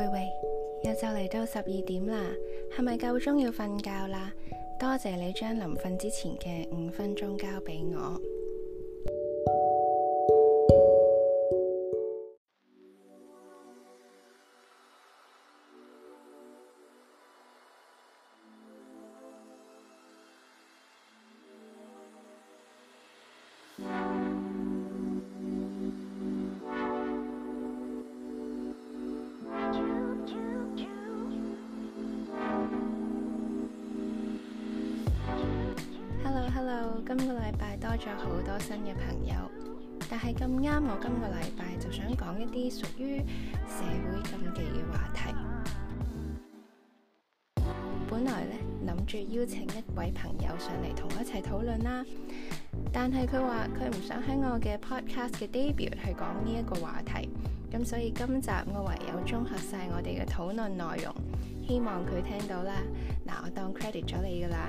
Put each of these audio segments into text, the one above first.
喂喂，又就嚟到十二點啦，係咪夠鐘要瞓覺啦？多謝你將臨瞓之前嘅五分鐘交俾我。今個禮拜多咗好多新嘅朋友，但係咁啱我今個禮拜就想講一啲屬於社會禁忌嘅話題。本來呢，諗住邀請一位朋友上嚟同我一齊討論啦，但係佢話佢唔想喺我嘅 podcast 嘅 debut 去講呢一個話題，咁所以今集我唯有綜合晒我哋嘅討論內容，希望佢聽到啦。嗱，我當 credit 咗你噶啦。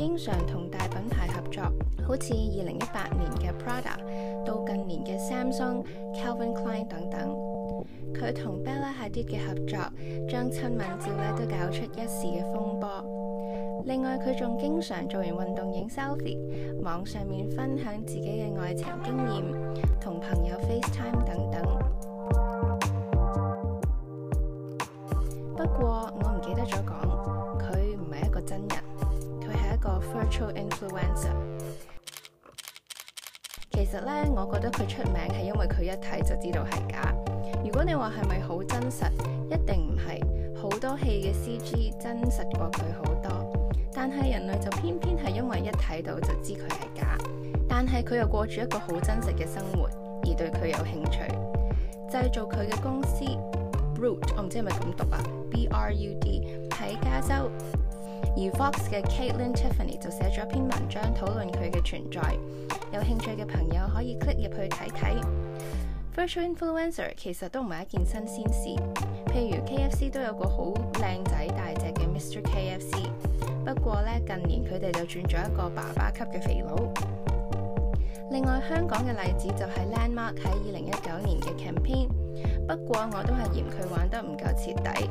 經常同大品牌合作，好似二零一八年嘅 Prada，到近年嘅 Samsung、Calvin Klein 等等。佢同 Bella Hadid 嘅合作，將親吻照咧都搞出一時嘅風波。另外，佢仲經常做完運動影 selfie，網上面分享自己嘅愛情經驗，同朋友 FaceTime 等等。不過我唔記得咗講，佢唔係一個真人。個 virtual influencer 其實呢，我覺得佢出名係因為佢一睇就知道係假。如果你話係咪好真實，一定唔係。好多戲嘅 CG 真實過佢好多，但係人類就偏偏係因為一睇到就知佢係假，但係佢又過住一個好真實嘅生活，而對佢有興趣。製造佢嘅公司 Brut，我唔知係咪咁讀啊，B R U D 喺加州。而 Vox 嘅 Kaitlyn Tiffany 就寫咗一篇文章討論佢嘅存在，有興趣嘅朋友可以 click 入去睇睇。Virtual influencer 其實都唔係一件新鮮事，譬如 KFC 都有個好靚仔大隻嘅 Mr KFC，不過呢近年佢哋就轉咗一個爸爸級嘅肥佬。另外香港嘅例子就係 Landmark 喺二零一九年嘅 campaign，不過我都係嫌佢玩得唔夠徹底。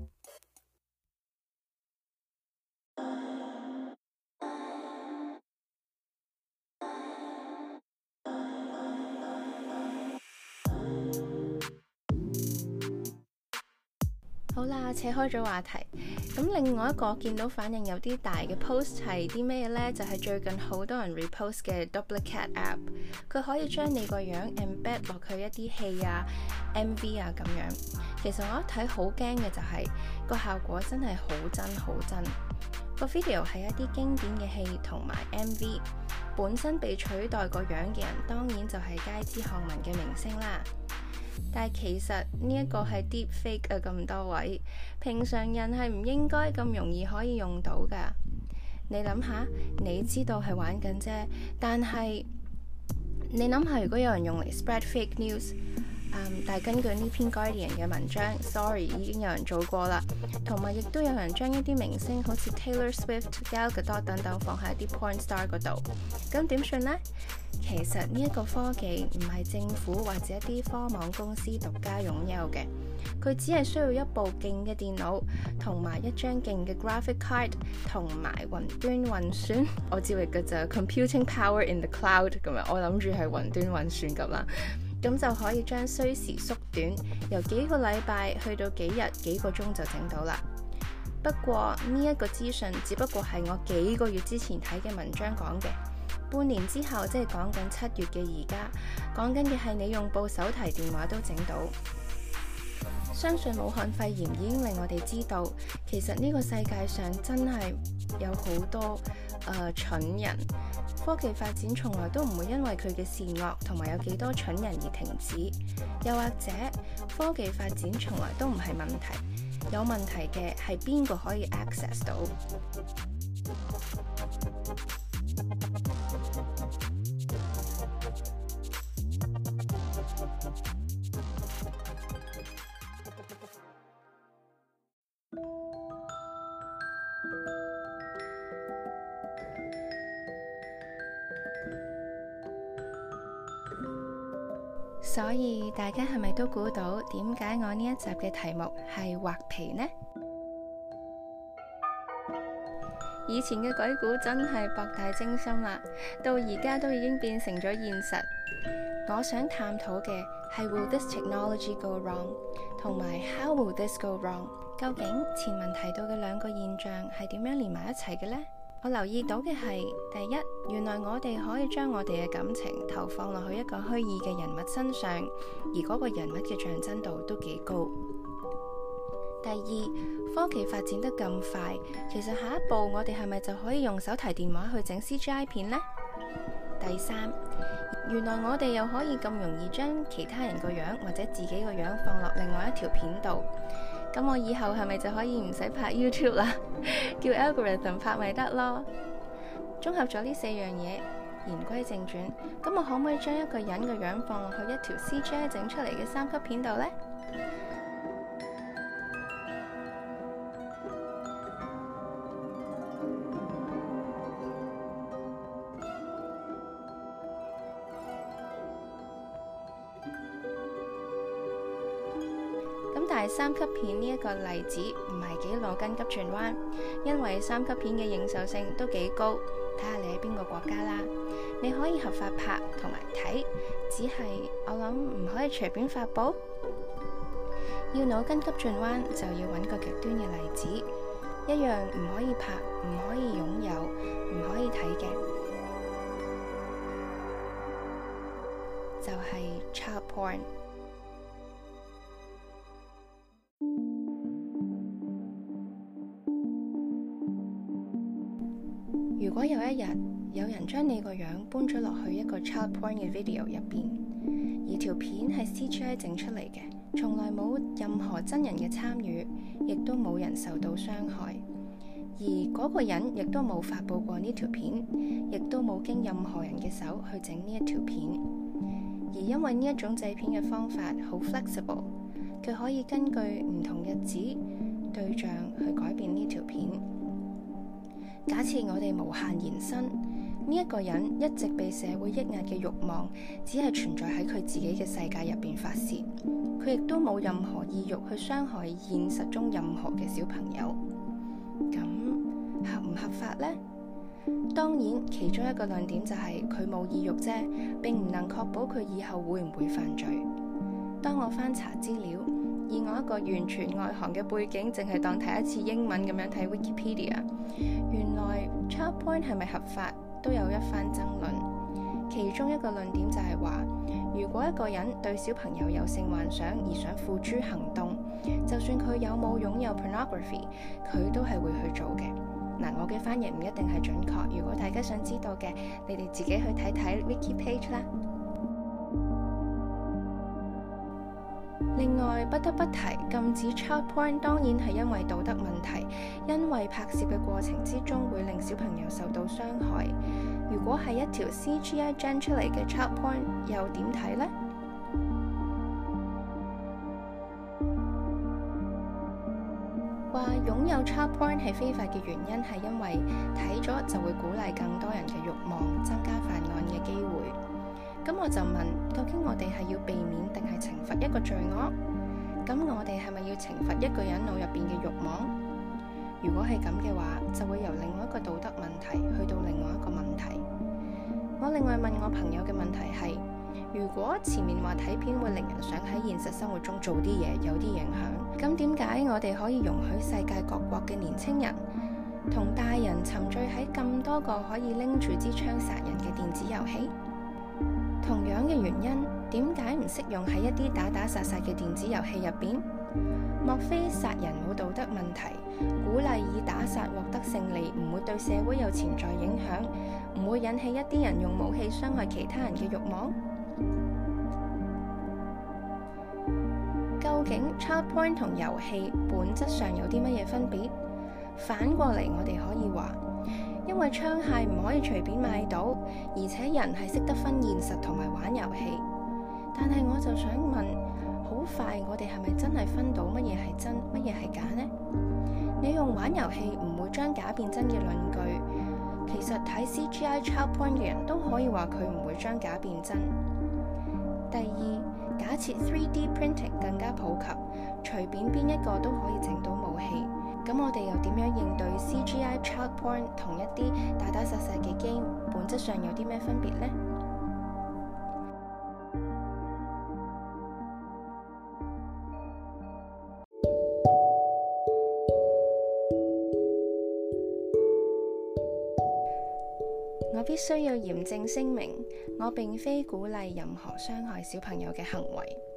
扯開咗話題，咁另外一個見到反應有啲大嘅 post 係啲咩呢？就係、是、最近好多人 repost 嘅 Doublicat app，佢可以將你個樣 embed 落去一啲戲啊、MV 啊咁樣。其實我一睇好驚嘅就係、是、個效果真係好真好真，個 video 係一啲經典嘅戲同埋 MV 本身被取代個樣嘅人，當然就係街知巷聞嘅明星啦。但係其實呢一個係 deep fake 啊，咁多位，平常人係唔應該咁容易可以用到噶。你諗下，你知道係玩緊啫。但係你諗下，如果有人用嚟 spread fake news。Um, 但係根據呢篇《Guardian》嘅文章，sorry 已經有人做過啦，同埋亦都有人將一啲明星好似 Taylor Swift、Gal Gadot 等等放喺啲 Point Star 嗰度。咁點算呢？其實呢一個科技唔係政府或者一啲科網公司獨家擁有嘅，佢只係需要一部勁嘅電腦，同埋一張勁嘅 Graphic Card，同埋雲端運算。 我知嚟嘅就係、是、Computing Power in the Cloud 咁啊！我諗住係雲端運算咁啦。咁就可以將需時縮短，由幾個禮拜去到幾日、幾個鐘就整到啦。不過呢一個資訊只不過係我幾個月之前睇嘅文章講嘅，半年之後即係講緊七月嘅而家，講緊嘅係你用部手提電話都整到。相信武漢肺炎已經令我哋知道，其實呢個世界上真係有好多誒、呃、蠢人。科技發展從來都唔會因為佢嘅善惡同埋有幾多蠢人而停止，又或者科技發展從來都唔係問題，有問題嘅係邊個可以 access 到？所以大家係咪都估到點解我呢一集嘅題目係畫皮呢？以前嘅鬼故真係博大精深啦，到而家都已經變成咗現實。我想探討嘅係，Will this technology go wrong？同埋，How will this go wrong？究竟前文提到嘅兩個現象係點樣連埋一齊嘅呢？我留意到嘅係，第一，原來我哋可以將我哋嘅感情投放落去一個虛擬嘅人物身上，而嗰個人物嘅像真度都幾高。第二，科技發展得咁快，其實下一步我哋係咪就可以用手提電話去整 CGI 片呢？第三，原來我哋又可以咁容易將其他人個樣或者自己個樣放落另外一條片度。咁我以後係咪就可以唔使拍 YouTube 啦？ 叫 algorithm 拍咪得咯？綜合咗呢四樣嘢，言歸正傳，咁我可唔可以將一個人嘅樣放落去一條 CG 整出嚟嘅三級片度呢？三級片呢一個例子唔係幾腦筋急轉彎，因為三級片嘅認受性都幾高，睇下你喺邊個國家啦。你可以合法拍同埋睇，只係我諗唔可以隨便發佈。要腦筋急轉彎就要揾個極端嘅例子，一樣唔可以拍、唔可以擁有、唔可以睇嘅，就係 child porn。如果有一日有人將你個樣搬咗落去一個 child porn 嘅 video 入邊，而條片係 CGI 整出嚟嘅，從來冇任何真人嘅參與，亦都冇人受到傷害，而嗰個人亦都冇發布過呢條片，亦都冇經任何人嘅手去整呢一條片，而因為呢一種製片嘅方法好 flexible，佢可以根據唔同日子對象去改變呢條片。假設我哋無限延伸呢一個人一直被社會抑壓嘅欲望，只係存在喺佢自己嘅世界入邊發泄，佢亦都冇任何意欲去傷害現實中任何嘅小朋友，咁合唔合法呢？當然，其中一個論點就係佢冇意欲啫，並唔能確保佢以後會唔會犯罪。當我翻查資料。以我一個完全外行嘅背景，淨係當睇一次英文咁樣睇 Wikipedia，原來 Child Porn 係咪合法都有一番爭論。其中一個論點就係話，如果一個人對小朋友有性幻想而想付諸行動，就算佢有冇擁有 Pornography，佢都係會去做嘅。嗱，我嘅翻譯唔一定係準確，如果大家想知道嘅，你哋自己去睇睇 Wiki Page 啦。另外不得不提，禁止 child porn 當然係因為道德問題，因為拍攝嘅過程之中會令小朋友受到傷害。如果係一條 CGI generate 嚟嘅 child porn，又點睇呢？話 擁有 child porn 係非法嘅原因係因為睇咗就會鼓勵更多人嘅欲望，增加犯案嘅機會。咁我就問，究竟我哋係要避免定係懲罰一個罪惡？咁我哋係咪要懲罰一個人腦入邊嘅欲望？如果係咁嘅話，就會由另外一個道德問題去到另外一個問題。我另外問我朋友嘅問題係：如果前面話睇片會令人想喺現實生活中做啲嘢，有啲影響，咁點解我哋可以容許世界各國嘅年輕人同大人沉醉喺咁多個可以拎住支槍殺人嘅電子遊戲？同樣嘅原因，點解唔適用喺一啲打打殺殺嘅電子遊戲入邊？莫非殺人冇道德問題？鼓勵以打殺獲得勝利，唔會對社會有潛在影響，唔會引起一啲人用武器傷害其他人嘅欲望？究竟 ChatPoint 同遊戲本質上有啲乜嘢分別？反過嚟，我哋可以話。因為槍械唔可以隨便買到，而且人係識得分現實同埋玩遊戲。但係我就想問，好快我哋係咪真係分到乜嘢係真，乜嘢係假呢？你用玩遊戲唔會將假變真嘅論據，其實睇 C G I child porn 嘅人都可以話佢唔會將假變真。第二，假設 three D printing 更加普及，隨便邊一個都可以整到武器。咁我哋又點樣應對？CGI child porn 同一啲打打殺殺嘅 game 本質上有啲咩分別呢？ 我必須要嚴正聲明，我並非鼓勵任何傷害小朋友嘅行為。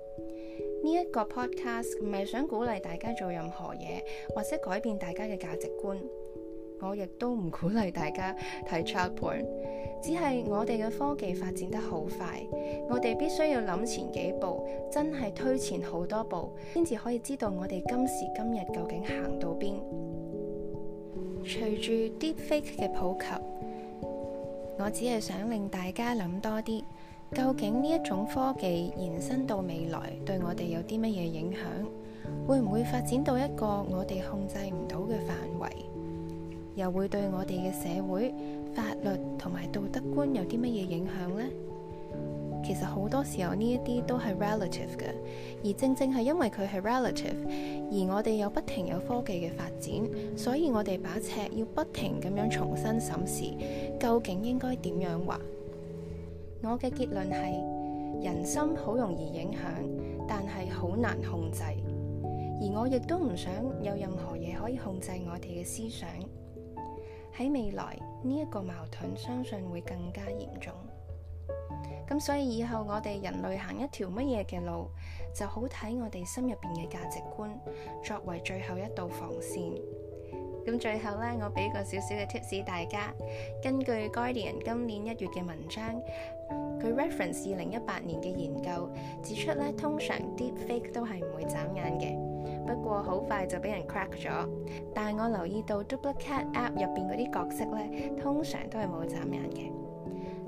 呢一個 podcast 唔係想鼓勵大家做任何嘢，或者改變大家嘅價值觀。我亦都唔鼓勵大家睇 c 提桌盤，只係我哋嘅科技發展得好快，我哋必須要諗前幾步，真係推前好多步，先至可以知道我哋今時今日究竟行到邊。隨住 Deepfake 嘅普及，我只係想令大家諗多啲。究竟呢一種科技延伸到未來，對我哋有啲乜嘢影響？會唔會發展到一個我哋控制唔到嘅範圍？又會對我哋嘅社會、法律同埋道德觀有啲乜嘢影響呢？其實好多時候呢一啲都係 relative 嘅，而正正係因為佢係 relative，而我哋又不停有科技嘅發展，所以我哋把尺要不停咁樣重新審視，究竟應該點樣畫？我嘅結論係人心好容易影響，但係好難控制。而我亦都唔想有任何嘢可以控制我哋嘅思想。喺未來呢一個矛盾，相信會更加嚴重。咁所以以後我哋人類行一條乜嘢嘅路，就好睇我哋心入邊嘅價值觀作為最後一道防線。咁最後咧，我俾個少少嘅 tips 大家，根據 Guardian 今年一月嘅文章。佢 reference 二零一八年嘅研究，指出咧，通常 deep fake 都係唔會眨眼嘅，不過好快就俾人 crack 咗。但係我留意到 Doublicat app 入邊嗰啲角色咧，通常都係冇眨眼嘅。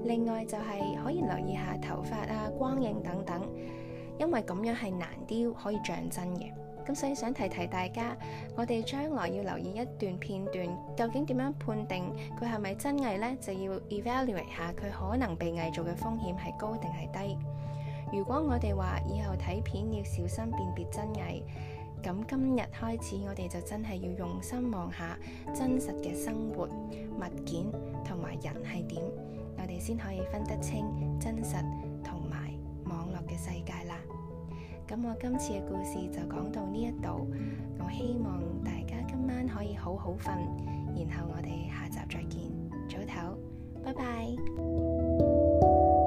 另外就係可以留意下頭髮啊、光影等等，因為咁樣係難雕，可以像真嘅。咁所以想提提大家，我哋將來要留意一段片段，究竟點樣判定佢係咪真偽咧？就要 evaluate 下佢可能被偽造嘅風險係高定係低。如果我哋話以後睇片要小心辨別真偽，咁今日開始我哋就真係要用心望下真實嘅生活物件同埋人係點，我哋先可以分得清真實同埋網絡嘅世界。咁我今次嘅故事就講到呢一度，我希望大家今晚可以好好瞓，然後我哋下集再見，早唞，拜拜。